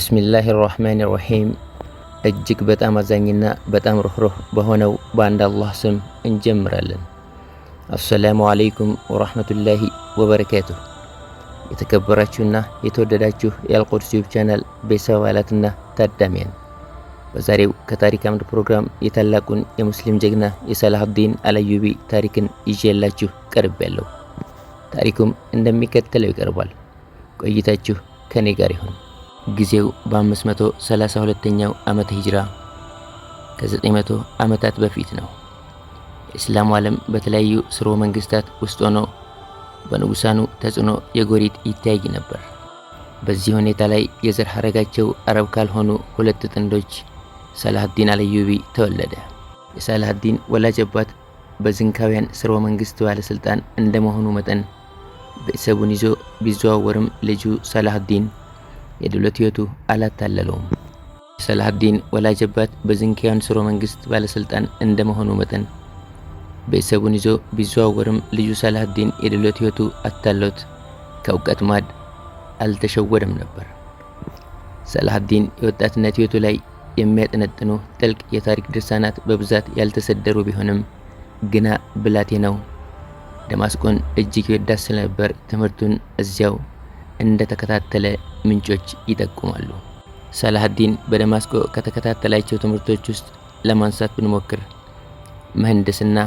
ቢስሚላህ ራህማን ራሂም እጅግ በጣም አዛኝና በጣም ሩህሩህ በሆነው በአንድ አላህ ስም እንጀምራለን። አሰላሙ አለይኩም ወራህመቱላሂ ወበረካቱ! የተከበራችሁና የተወደዳችሁ የአልቁድስ ዩቲዩብ ቻናል ቤተሰብ አባላትና ታዳሚያን በዛሬው ከታሪክ አምድ ፕሮግራም የታላቁን የሙስሊም ጀግና የሰላሁዲን አልአዩቢ ታሪክን ይዤላችሁ ቀርብ ያለው ታሪኩም እንደሚከተለው ይቀርባል። ቆይታችሁ ከኔ ጋር ይሁን። ጊዜው በ532ኛው ዓመተ ሂጅራ ከ900 ዓመታት በፊት ነው። የእስላሙ ዓለም በተለያዩ ስርወ መንግስታት ውስጥ ሆኖ በንጉሳኑ ተጽዕኖ የጎሪጥ ይታይ ነበር። በዚህ ሁኔታ ላይ የዘር ሐረጋቸው አረብ ካልሆኑ ሁለት ጥንዶች ሳላህዲን አልዩቢ ተወለደ። የሳላህዲን ወላጅ አባት በዝንካውያን ስርወ መንግስት ባለሥልጣን እንደመሆኑ መጠን ቤተሰቡን ይዞ ቢዘዋወርም ልጁ ሳላህዲን የድሎት ህይወቱ አላታለለውም። የሰላሀዲን ወላጅ አባት በዝንኪያ መንግስት ባለስልጣን እንደመሆኑ መጠን ቤተሰቡን ይዞ ቢዘዋወርም ልጁ ሰላህዲን የድሎት ህይወቱ አታሎት ከእውቀት ማድ አልተሸወደም ነበር። ሰላህዲን የወጣትነት ህይወቱ ላይ የሚያጠነጥኑ ጥልቅ የታሪክ ድርሳናት በብዛት ያልተሰደሩ ቢሆንም ግና ብላቴናው ደማስቆን እጅግ ይወዳት ስለነበር ትምህርቱን እዚያው እንደተከታተለ ምንጮች ይጠቁማሉ። ሰላህዲን በደማስቆ ከተከታተላቸው ትምህርቶች ውስጥ ለማንሳት ብንሞክር ምህንድስና፣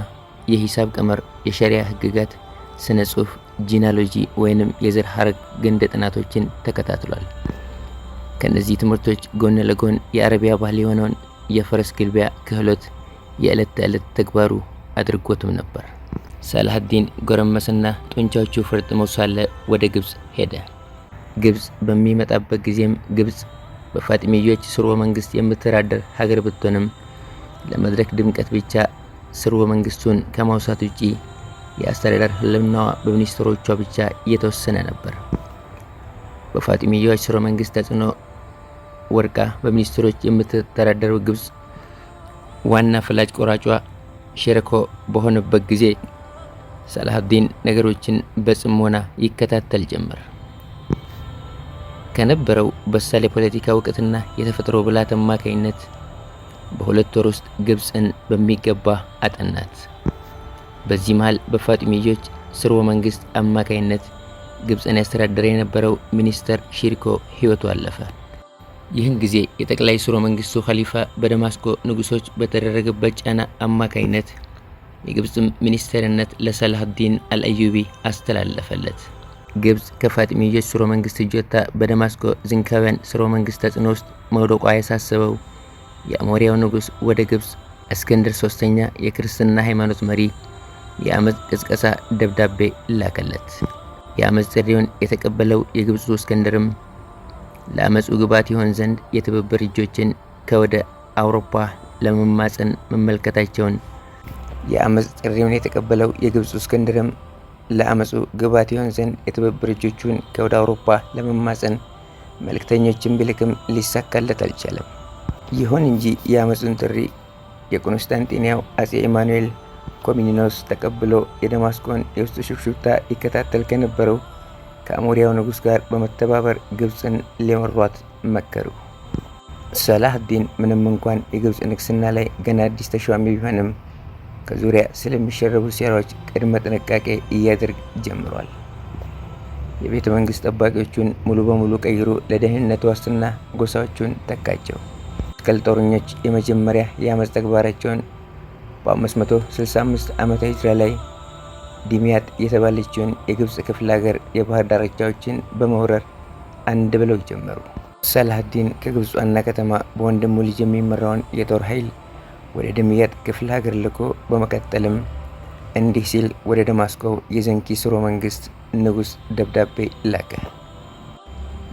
የሂሳብ ቀመር፣ የሸሪያ ህግጋት፣ ስነ ጽሁፍ፣ ጂናሎጂ ወይንም የዘር ሀረግ ግንደ ጥናቶችን ተከታትሏል። ከእነዚህ ትምህርቶች ጎን ለጎን የአረቢያ ባህል የሆነውን የፈረስ ግልቢያ ክህሎት የዕለት ተዕለት ተግባሩ አድርጎትም ነበር። ሳላህዲን ጎረመስና ጡንቻዎቹ ፈርጥመው ሳለ ወደ ግብፅ ሄደ። ግብጽ በሚመጣበት ጊዜም ግብጽ በፋጥሚዮች ስርወ መንግስት የምትተዳደር ሀገር ብትሆንም ለመድረክ ድምቀት ብቻ ስርወ መንግስቱን ከማውሳት ውጪ የአስተዳደር ህልምናዋ በሚኒስትሮቿ ብቻ እየተወሰነ ነበር። በፋጥሚያዎች ስርወ መንግስት ተጽዕኖ ወርቃ በሚኒስትሮች የምትተዳደረው ግብጽ ዋና ፍላጭ ቆራጯ ሸረኮ በሆነበት ጊዜ ሰላሀዲን ነገሮችን በጽሞና ይከታተል ጀመር። ከነበረው በሳል የፖለቲካ እውቀትና የተፈጥሮ ብልሃት አማካኝነት በሁለት ወር ውስጥ ግብፅን በሚገባ አጠናት። በዚህ መሃል በፋጥሚጆች ስርወ መንግስት አማካኝነት ግብፅን ያስተዳደረ የነበረው ሚኒስተር ሺርኮ ህይወቱ አለፈ። ይህን ጊዜ የጠቅላይ ስርወ መንግስቱ ኸሊፋ በደማስቆ ንጉሶች በተደረገበት ጫና አማካኝነት የግብፅ ሚኒስተርነት ለሰላህዲን አልአዩቢ አስተላለፈለት። ግብጽ ከፋጥሚዮች ስርወ መንግስት እጀታ በደማስቆ ዝንከበን ስርወ መንግስት ተጽዕኖ ውስጥ መውደቋ ያሳሰበው የአሞሪያው ንጉሥ ወደ ግብጽ እስክንድር ሶስተኛ የክርስትና ሃይማኖት መሪ የአመፅ ቅስቀሳ ደብዳቤ ላከለት። የአመፅ ጥሪውን የተቀበለው የግብፁ እስክንድርም ለአመፁ ግባት ይሆን ዘንድ የትብብር እጆችን ከወደ አውሮፓ ለመማፀን መመልከታቸውን የአመፅ ጥሪውን የተቀበለው የግብፁ እስክንድርም ለአመፁ ግባት ይሆን ዘንድ የትብብር እጆቹን ከወደ አውሮፓ ለመማፀን መልእክተኞችን ቢልክም ሊሳካለት አልቻለም። ይሁን እንጂ የአመፁን ጥሪ የኮንስታንጢንያው አጼ ኢማኑኤል ኮሚኒኖስ ተቀብሎ የደማስቆን የውስጥ ሹክሹክታ ይከታተል ከነበረው ከአሞሪያው ንጉሥ ጋር በመተባበር ግብፅን ሊመሯት መከሩ። ሰላህዲን ምንም እንኳን የግብፅ ንግስና ላይ ገና አዲስ ተሿሚ ቢሆንም ከዙሪያ ስለሚሸረቡ ሴራዎች ቅድመ ጥንቃቄ እያደርግ ጀምሯል። የቤተ መንግስት ጠባቂዎቹን ሙሉ በሙሉ ቀይሮ ለደህንነት ዋስትና ጎሳዎቹን ተካቸው። መስቀል ጦረኞች የመጀመሪያ የአመፅ ተግባራቸውን በ565 ዓመተ ሂጅራ ላይ ዲሚያት የተባለችውን የግብፅ ክፍለ ሀገር የባህር ዳርቻዎችን በመውረር አንድ ብለው ጀመሩ። ሳላህዲን ከግብፅ ዋና ከተማ በወንድሙ ልጅ የሚመራውን የጦር ኃይል ወደ ድምየጥ ክፍለ ሀገር ልኮ በመቀጠልም እንዲህ ሲል ወደ ደማስቆ የዘንኪ ስሮ መንግስት ንጉሥ ደብዳቤ ላከ።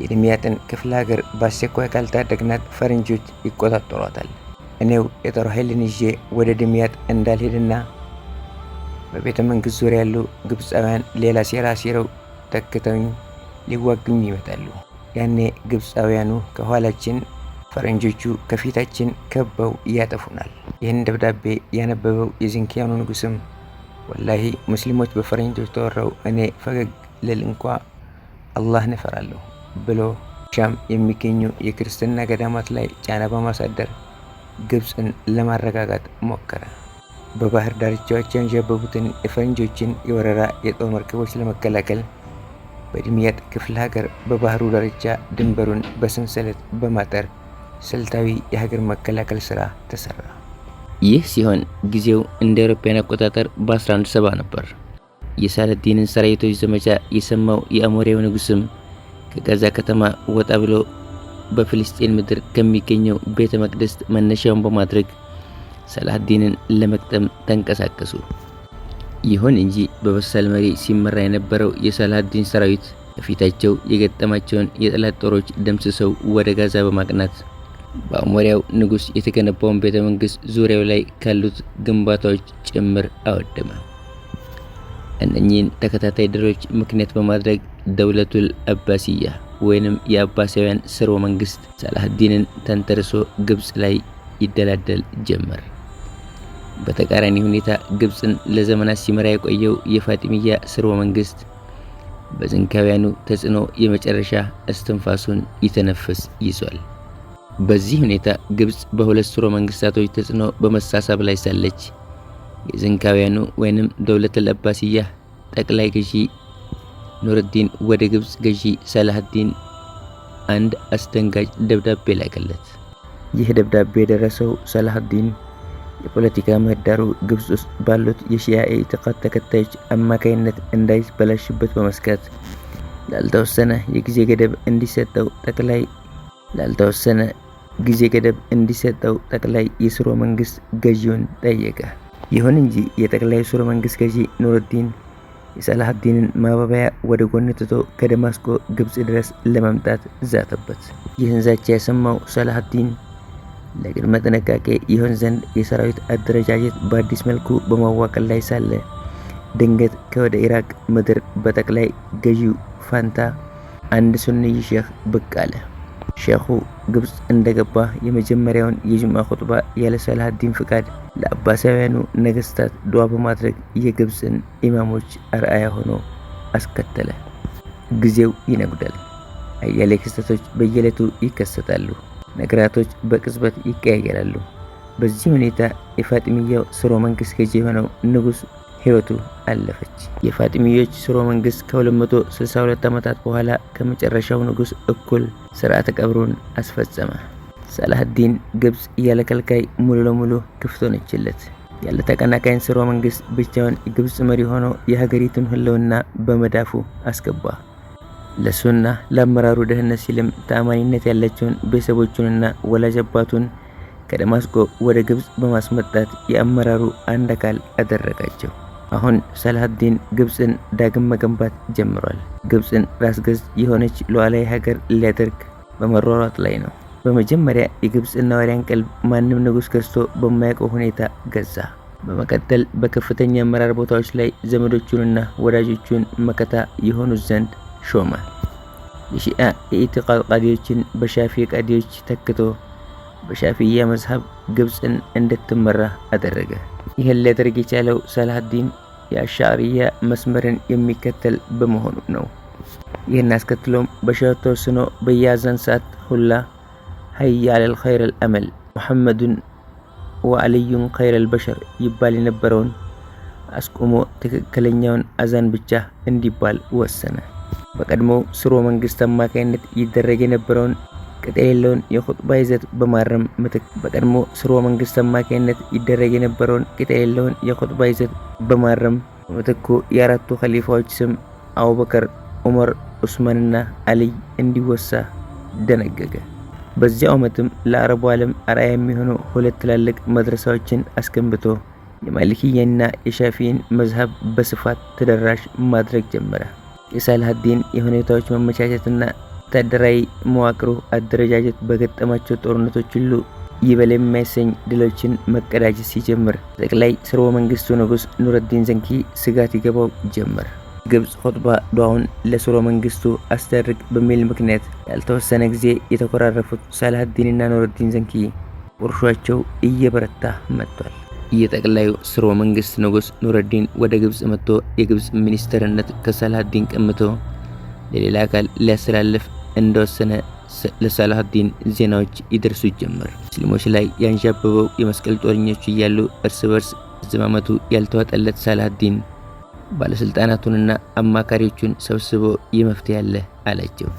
የድምያጥን ክፍለ ሀገር በአስቸኳይ ካልታደግናት ፈረንጆች ይቆጣጠሯታል። እኔው የጦር ኃይልን ይዤ ወደ ድምያጥ እንዳልሄድና በቤተ መንግሥት ዙሪያ ያሉ ግብፃውያን ሌላ ሴራ ሲረው ተክተውኝ ሊዋግኙ ይመጣሉ። ያኔ ግብፃውያኑ ከኋላችን ፈረንጆቹ ከፊታችን ከበው ያጠፉናል። ይህን ደብዳቤ ያነበበው የዚንኪያኑ ንጉስም! ወላሂ ሙስሊሞች በፈረንጆች ተወረው እኔ ፈገግ ልል እንኳ አላህን እፈራለሁ ብሎ ሻም የሚገኙ የክርስትና ገዳማት ላይ ጫና በማሳደር ግብፅን ለማረጋጋት ሞከረ። በባህር ዳርቻዎች ያንዣበቡትን የፈረንጆችን የወረራ የጦር መርከቦች ለመከላከል በድምያት ክፍለ ሀገር በባህሩ ዳርቻ ድንበሩን በሰንሰለት በማጠር ስልታዊ የሀገር መከላከል ስራ ተሰራ። ይህ ሲሆን ጊዜው እንደ አውሮፓውያን አቆጣጠር በ1170 ነበር። የሳለዲንን ሰራዊቶች ዘመቻ የሰማው የአሞሪያው ንጉስም ከጋዛ ከተማ ወጣ ብሎ በፍልስጤን ምድር ከሚገኘው ቤተ መቅደስ መነሻውን በማድረግ ሰላህዲንን ለመቅጠም ተንቀሳቀሱ። ይሁን እንጂ በበሳል መሪ ሲመራ የነበረው የሰላህዲን ሰራዊት ከፊታቸው የገጠማቸውን የጠላት ጦሮች ደምስሰው ወደ ጋዛ በማቅናት በአሞሪያው ንጉሥ የተገነባውን ቤተ መንግሥት ዙሪያው ላይ ካሉት ግንባታዎች ጭምር አወደመ። እነኚህን ተከታታይ ድሎች ምክንያት በማድረግ ደውለቱል አባሲያ ወይንም የአባሳውያን ስርወ መንግሥት ሰላህዲንን ተንተርሶ ግብፅ ላይ ይደላደል ጀመር። በተቃራኒ ሁኔታ ግብፅን ለዘመናት ሲመራ የቆየው የፋጢሚያ ስርወ መንግሥት በዝንካውያኑ ተጽዕኖ የመጨረሻ እስትንፋሱን ይተነፍስ ይዟል። በዚህ ሁኔታ ግብፅ በሁለት ስርወ መንግስታቶች ተጽዕኖ በመሳሳብ ላይ ሳለች የዘንካውያኑ ወይንም ደውለት ለባስያ ጠቅላይ ገዢ ኑርዲን ወደ ግብፅ ገዢ ሰላህዲን አንድ አስደንጋጭ ደብዳቤ ላከለት። ይህ ደብዳቤ የደረሰው ሰላህዲን የፖለቲካ ምህዳሩ ግብፅ ውስጥ ባሉት የሺያ ኢዕትቃድ ተከታዮች አማካይነት እንዳይበላሽበት በመስጋት ላልተወሰነ የጊዜ ገደብ እንዲሰጠው ጠቅላይ ላልተወሰነ ጊዜ ገደብ እንዲሰጠው ጠቅላይ የስሮ መንግስት ገዢውን ጠየቀ። ይሁን እንጂ የጠቅላይ የስሮ መንግስት ገዢ ኑርዲን የሰላሀዲንን ማባበያ ወደ ጎን ትቶ ከደማስቆ ግብፅ ድረስ ለመምጣት ዛተበት። ይህን ዛቻ የሰማው ሰላሀዲን ለቅድመ ጥንቃቄ ይሆን ዘንድ የሰራዊት አደረጃጀት በአዲስ መልኩ በማዋቀል ላይ ሳለ ድንገት ከወደ ኢራቅ ምድር በጠቅላይ ገዢው ፋንታ አንድ ሱንይ ሼህ ብቅ አለ። ሼኹ ግብፅ እንደገባ የመጀመሪያውን የጅማ ኹጥባ ያለ ሰላሀዲን ፍቃድ ለአባሳውያኑ ነገስታት ድዋ በማድረግ የግብፅን ኢማሞች አርአያ ሆኖ አስከተለ። ጊዜው ይነጉዳል። አያሌ ክስተቶች በየዕለቱ ይከሰታሉ። ነገራቶች በቅጽበት ይቀያየራሉ። በዚህ ሁኔታ የፋጥሚያው ስርወ መንግስት ገዢ የሆነው ንጉሥ ህይወቱ አለፈች። የፋጢሚዮች ስሮ መንግስት ከ262 ዓመታት በኋላ ከመጨረሻው ንጉስ እኩል ስርዓተ ቀብሩን አስፈጸመ። ሰላህዲን ግብጽ ያለ ከልካይ ሙሉ ለሙሉ ክፍት ሆነችለት። ያለ ተቀናቃይን ስርወ መንግስት ብቻውን የግብጽ መሪ ሆኖ የሀገሪቱን ህልውና በመዳፉ አስገባ። ለሱና ለአመራሩ ደህንነት ሲልም ተአማኒነት ያላቸውን ቤተሰቦቹንና ወላጅ አባቱን ከደማስቆ ወደ ግብጽ በማስመጣት የአመራሩ አንድ አካል አደረጋቸው። አሁን ሰላሀዲን ግብፅን ዳግም መገንባት ጀምሯል። ግብፅን ራስ ገዝ የሆነች ሉዓላዊ ሀገር ሊያደርግ በመሯሯጥ ላይ ነው። በመጀመሪያ የግብፅን ነዋሪያን ቀልብ ማንም ንጉሥ ገዝቶ በማያውቀው ሁኔታ ገዛ። በመቀጠል በከፍተኛ አመራር ቦታዎች ላይ ዘመዶቹንና ወዳጆቹን መከታ የሆኑት ዘንድ ሾመ። የሺአ የኢዕቲቃድ ቃዲዎችን በሻፊ ቃዲዎች ተክቶ በሻፊያ መዝሀብ ግብፅን እንድትመራ አደረገ። ይህን ሊያደርግ የቻለው ሰላሀዲን የአሻዕርያ መስመርን የሚከተል በመሆኑ ነው። ይህን አስከትሎም በሸር ተወስኖ በየአዛን ሰዓት ሁላ ሀያ አለል ኸይር አልአመል ሙሐመዱን ወአልዩን ኸይር አልበሸር ይባል የነበረውን አስቆሞ ትክክለኛውን አዛን ብቻ እንዲባል ወሰነ። በቀድሞው ስሮ መንግስት አማካኝነት ይደረግ የነበረውን ቅጥ የሌለውን የኹጥባ ይዘት በማረም ምትክ በቀድሞ ስርወ መንግስት አማካይነት ይደረግ የነበረውን ቅጥ የሌለውን የኹጥባ ይዘት በማረም ምትኩ የአራቱ ኸሊፋዎች ስም አቡበከር፣ ዑመር፣ ዑስማንና አልይ እንዲወሳ ደነገገ። በዚያው ዓመትም ለአረቡ ዓለም አርአያ የሚሆኑ ሁለት ትላልቅ መድረሳዎችን አስገንብቶ የማሊኪያና የሻፊን መዝሀብ በስፋት ተደራሽ ማድረግ ጀመረ። የሳልሃዲን የሁኔታዎች መመቻቸትና ወታደራዊ መዋቅሩ አደረጃጀት በገጠማቸው ጦርነቶች ሁሉ ይበል የማይሰኝ ድሎችን መቀዳጀት ሲጀምር ጠቅላይ ስርወ መንግስቱ ንጉስ ኑረዲን ዘንኪ ስጋት ይገባው ጀመር። ግብፅ ሆጥባ ዱዓውን ለስርወ መንግስቱ አስደርግ በሚል ምክንያት ያልተወሰነ ጊዜ የተኮራረፉት ሳላሀዲንና ኑረዲን ዘንኪ ቁርሾቸው እየበረታ መጥቷል። የጠቅላዩ ስርወ መንግስት ንጉስ ኑረዲን ወደ ግብፅ መጥቶ የግብፅ ሚኒስትርነት ከሳላሀዲን ቀምቶ ለሌላ አካል ሊያስተላልፍ እንደወሰነ ለሳላሀዲን ዜናዎች ይደርሱ ጀመር። ሙስሊሞች ላይ ያንዣበበው የመስቀል ጦርኞች እያሉ እርስ በርስ ዝማመቱ ያልተዋጠለት ሳላሀዲን ባለሥልጣናቱንና አማካሪዎቹን ሰብስቦ የመፍትሄ አለ አላቸው።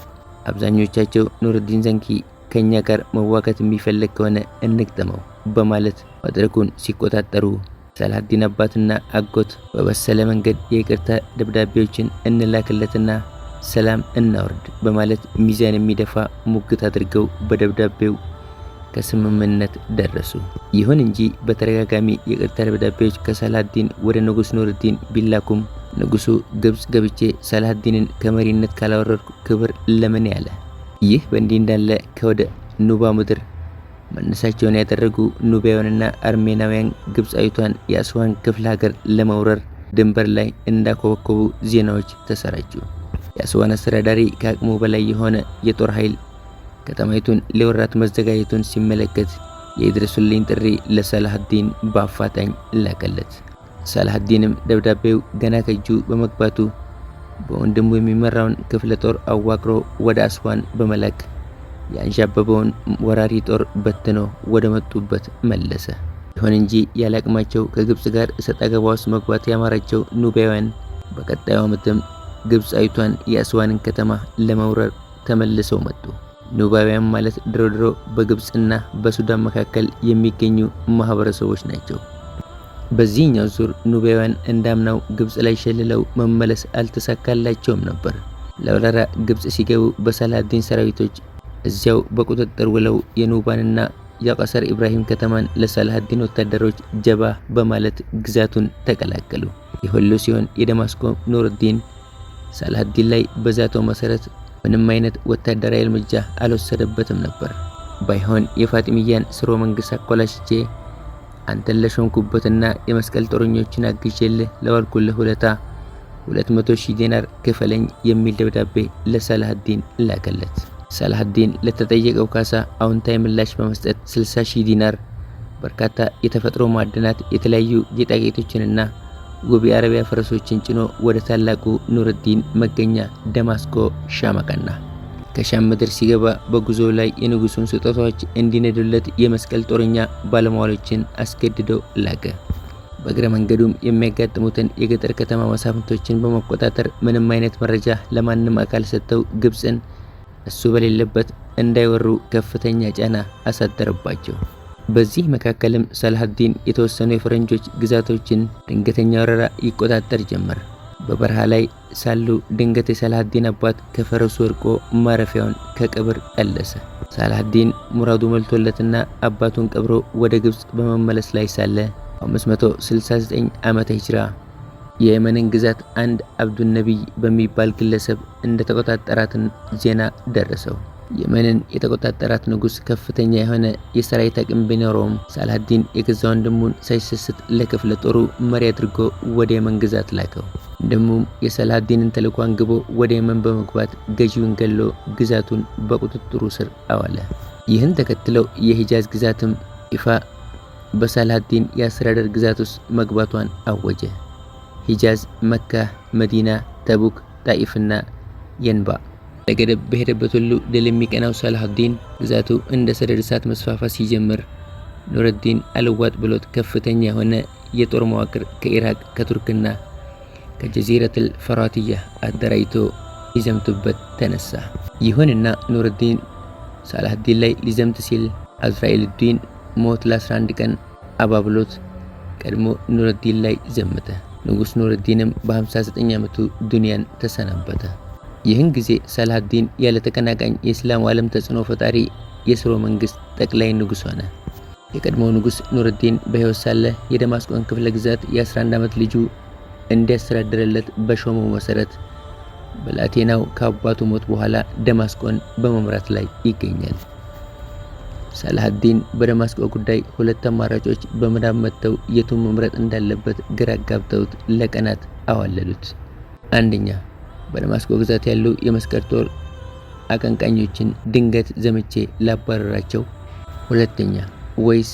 አብዛኞቻቸው ኑርዲን ዘንኪ ከእኛ ጋር መዋጋት የሚፈልግ ከሆነ እንግጠመው በማለት መድረኩን ሲቆጣጠሩ ሳላሀዲን አባትና አጎት በበሰለ መንገድ የይቅርታ ደብዳቤዎችን እንላክለትና ሰላም እናወርድ በማለት ሚዛን የሚደፋ ሙግት አድርገው በደብዳቤው ከስምምነት ደረሱ። ይሁን እንጂ በተደጋጋሚ የቅርታ ደብዳቤዎች ከሳላዲን ወደ ንጉስ ኑርዲን ቢላኩም ንጉሱ ግብፅ ገብቼ ሳላዲንን ከመሪነት ካላወረድኩ ክብር ለምን ያለ። ይህ በእንዲህ እንዳለ ከወደ ኑባ ምድር መነሳቸውን ያደረጉ ኑቢያውያንና አርሜናውያን ግብፃዊቷን የአስዋን ክፍለ ሀገር ለመውረር ድንበር ላይ እንዳኮበኮቡ ዜናዎች ተሰራጩ። የአስዋን አስተዳዳሪ ከአቅሙ በላይ የሆነ የጦር ኃይል ከተማይቱን ሊወራት መዘጋጀቱን ሲመለከት የድረሱልኝ ጥሪ ለሰላህዲን በአፋጣኝ ላከለት። ሰላህዲንም ደብዳቤው ገና ከእጁ በመግባቱ በወንድሙ የሚመራውን ክፍለ ጦር አዋቅሮ ወደ አስዋን በመላክ የአንዣበበውን ወራሪ ጦር በትኖ ወደ መጡበት መለሰ። ይሁን እንጂ ያለ አቅማቸው ከግብፅ ጋር እሰጥ አገባ ውስጥ መግባት ያማራቸው ኑቢያውያን በቀጣዩ ዓመትም ግብፃዊቷን የአስዋንን ከተማ ለመውረር ተመልሰው መጡ። ኑባውያን ማለት ድሮ ድሮ በግብፅና በሱዳን መካከል የሚገኙ ማህበረሰቦች ናቸው። በዚህኛው ዙር ኑባውያን እንዳምናው ግብፅ ላይ ሸልለው መመለስ አልተሳካላቸውም ነበር። ለወረራ ግብፅ ሲገቡ በሳላዲን ሰራዊቶች እዚያው በቁጥጥር ውለው የኑባንና የቀሰር ኢብራሂም ከተማን ለሳላሃዲን ወታደሮች ጀባ በማለት ግዛቱን ተቀላቀሉ። ይህ ሁሉ ሲሆን የደማስቆ ኑርዲን ሳላዲን ላይ በዛተው መሰረት ምንም አይነት ወታደራዊ እርምጃ አልወሰደበትም ነበር። ባይሆን የፋጢምያን ስርወ መንግስት አኮላሽቼ አንተን ለሾምኩበትና የመስቀል ጦረኞችን አግዤልህ ለዋልኩልህ ውለታ 200 ሺህ ዲናር ክፈለኝ የሚል ደብዳቤ ለሳላሀዲን ላከለት። ሳላሀዲን ለተጠየቀው ካሳ አውንታዊ ምላሽ በመስጠት 60 ሺህ ዲናር፣ በርካታ የተፈጥሮ ማዕድናት፣ የተለያዩ ጌጣጌጦችንና ውብ የአረቢያ ፈረሶችን ጭኖ ወደ ታላቁ ኑርዲን መገኛ ደማስቆ ሻም አቀና። ከሻም ምድር ሲገባ በጉዞው ላይ የንጉሱን ስጦታዎች እንዲነዱለት የመስቀል ጦረኛ ባለሟሎችን አስገድዶ ላገ። በእግረ መንገዱም የሚያጋጥሙትን የገጠር ከተማ መሳፍንቶችን በመቆጣጠር ምንም አይነት መረጃ ለማንም አካል ሰጥተው ግብፅን እሱ በሌለበት እንዳይወሩ ከፍተኛ ጫና አሳደረባቸው። በዚህ መካከልም ሰላሀዲን የተወሰኑ የፈረንጆች ግዛቶችን ድንገተኛ ወረራ ይቆጣጠር ጀመር። በበረሃ ላይ ሳሉ ድንገት የሳላሀዲን አባት ከፈረሱ ወድቆ ማረፊያውን ከቅብር ቀለሰ። ሳላሀዲን ሙራዱ መልቶለትና አባቱን ቀብሮ ወደ ግብፅ በመመለስ ላይ ሳለ 569 ዓመተ ሂጅራ የየመንን ግዛት አንድ አብዱነቢይ በሚባል ግለሰብ እንደተቆጣጠራትን ዜና ደረሰው። የመንን የተቆጣጠራት ንጉሥ ከፍተኛ የሆነ የሰራዊት አቅም ቢኖረውም ሳላዲን የገዛ ወንድሙን ሳይሰስት ለክፍለ ጦሩ መሪ አድርጎ ወደ የመን ግዛት ላከው። ወንድሙም የሳላዲንን ተልኳን አንግቦ ወደ የመን በመግባት ገዢውን ገሎ ግዛቱን በቁጥጥሩ ስር አዋለ። ይህን ተከትለው የሂጃዝ ግዛትም ኢፋ በሳላዲን የአስተዳደር ግዛት ውስጥ መግባቷን አወጀ። ሂጃዝ፣ መካ፣ መዲና፣ ተቡክ፣ ጣኢፍና የንባ ለገደብ በሄደበት ሁሉ ድል የሚቀናው ሳላህዲን ግዛቱ እንደ ሰደድ እሳት መስፋፋት ሲጀምር ኑረዲን አልዋጥ ብሎት ከፍተኛ የሆነ የጦር መዋቅር ከኢራቅ ከቱርክና ከጀዚረትል ፈራትያ አደራጅቶ ሊዘምቱበት ተነሳ። ይሁንና ኑርዲን ሳላሁዲን ላይ ሊዘምት ሲል አዝራኤል ዲን ሞት ለ11 ቀን አባብሎት ቀድሞ ኑረዲን ላይ ዘመተ። ንጉሥ ኑረዲንም በ59 ዓመቱ ዱንያን ተሰናበተ። ይህን ጊዜ ሰላሁዲን ያለ ተቀናቃኝ የእስላም ዓለም ተጽዕኖ ፈጣሪ የስሮ መንግስት ጠቅላይ ንጉስ ሆነ። የቀድሞው ንጉስ ኑርዲን በሕይወት ሳለ የደማስቆን ክፍለ ግዛት የ11 ዓመት ልጁ እንዲያስተዳድርለት በሾመው መሰረት በላቴናው ከአባቱ ሞት በኋላ ደማስቆን በመምራት ላይ ይገኛል። ሰላሁዲን በደማስቆ ጉዳይ ሁለት አማራጮች በምናብ መጥተው የቱን መምረጥ እንዳለበት ግራ አጋብተውት ለቀናት አዋለሉት። አንደኛ በደማስቆ ግዛት ያሉ የመስቀል ጦር አቀንቃኞችን ድንገት ዘምቼ ላባረራቸው? ሁለተኛ ወይስ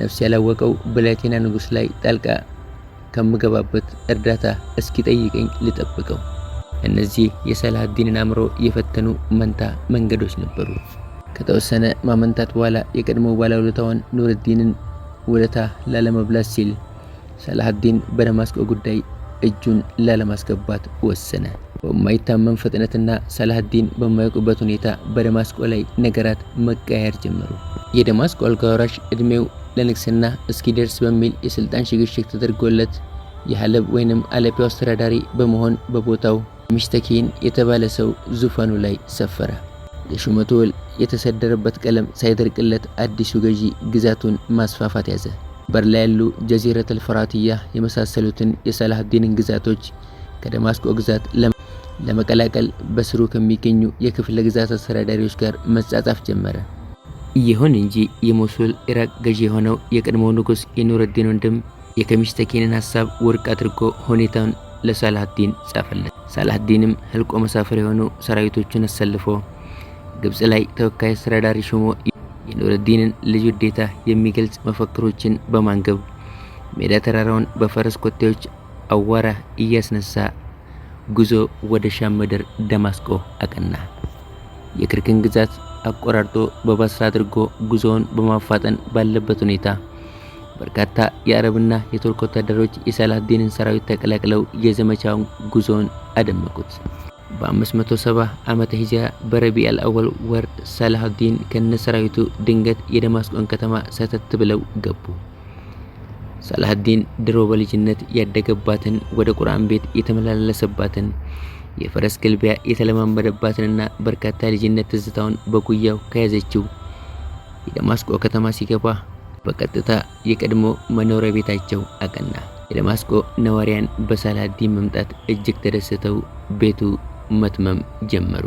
ነፍስ ያላወቀው ብላቴና ንጉሥ ላይ ጣልቃ ከምገባበት እርዳታ እስኪጠይቀኝ ልጠብቀው? እነዚህ የሰላሃዲንን አእምሮ የፈተኑ መንታ መንገዶች ነበሩ። ከተወሰነ ማመንታት በኋላ የቀድሞ ባለውለታውን ኑርዲንን ውለታ ላለመብላት ሲል ሰላሃዲን በደማስቆ ጉዳይ እጁን ላለማስገባት ወሰነ። በማይታመን ፍጥነትና ሰላህዲን በማያውቁበት ሁኔታ በደማስቆ ላይ ነገራት መቀየር ጀመሩ። የደማስቆ አልጋወራሽ እድሜው ለንግስና እስኪደርስ በሚል የስልጣን ሽግሽግ ተደርጎለት የሐለብ ወይንም አለፒያው አስተዳዳሪ በመሆን በቦታው ሚሽተኪን የተባለ ሰው ዙፋኑ ላይ ሰፈረ። የሹመቱ ውል የተሰደረበት ቀለም ሳይደርቅለት አዲሱ ገዢ ግዛቱን ማስፋፋት ያዘ። በር ላይ ያሉ ጀዚረተል ፈራትያ የመሳሰሉትን የሰላህዲንን ግዛቶች ከደማስቆ ግዛት ለመቀላቀል በስሩ ከሚገኙ የክፍለ ግዛት አስተዳዳሪዎች ጋር መጻጻፍ ጀመረ። ይሁን እንጂ የሞሱል ኢራቅ ገዢ የሆነው የቀድሞው ንጉሥ የኑረዲን ወንድም ተኪንን ሐሳብ ወርቅ አድርጎ ሁኔታውን ለሳላህዲን ጻፈለት። ሳላህዲንም ህልቆ መሳፈር የሆኑ ሰራዊቶቹን አሰልፎ ግብፅ ላይ ተወካይ አስተዳዳሪ ሾሞ የኑረዲንን ልጅ ውዴታ የሚገልጽ መፈክሮችን በማንገብ ሜዳ ተራራውን በፈረስ ኮቴዎች አዋራ እያስነሳ ጉዞ ወደ ሻም ምድር ደማስቆ አቀና። የክርክን ግዛት አቆራርጦ በባስራ አድርጎ ጉዞውን በማፋጠን ባለበት ሁኔታ በርካታ የአረብና የቱርክ ወታደሮች የሳላህዲንን ሰራዊት ተቀላቅለው የዘመቻውን ጉዞውን አደመቁት። በ570 ዓመተ ሂጅራ በረቢዓል አወል ወር ሳላህዲን ከነሰራዊቱ ሰራዊቱ ድንገት የደማስቆን ከተማ ሰተት ብለው ገቡ። ሳላህዲን ድሮ በልጅነት ያደገባትን ወደ ቁርአን ቤት የተመላለሰባትን የፈረስ ግልቢያ የተለማመደባትንና በርካታ ልጅነት ትዝታውን በጉያው ከያዘችው የደማስቆ ከተማ ሲገባ በቀጥታ የቀድሞ መኖሪያ ቤታቸው አቀና። የደማስቆ ነዋሪያን በሳላህዲን መምጣት እጅግ ተደስተው ቤቱ መትመም ጀመሩ።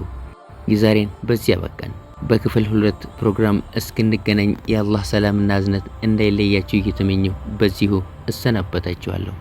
የዛሬን በዚህ አበቃን። በክፍል ሁለት ፕሮግራም እስክንገናኝ የአላህ ሰላምና እዝነት እንዳይለያችሁ እየተመኘሁ በዚሁ እሰናበታችኋለሁ።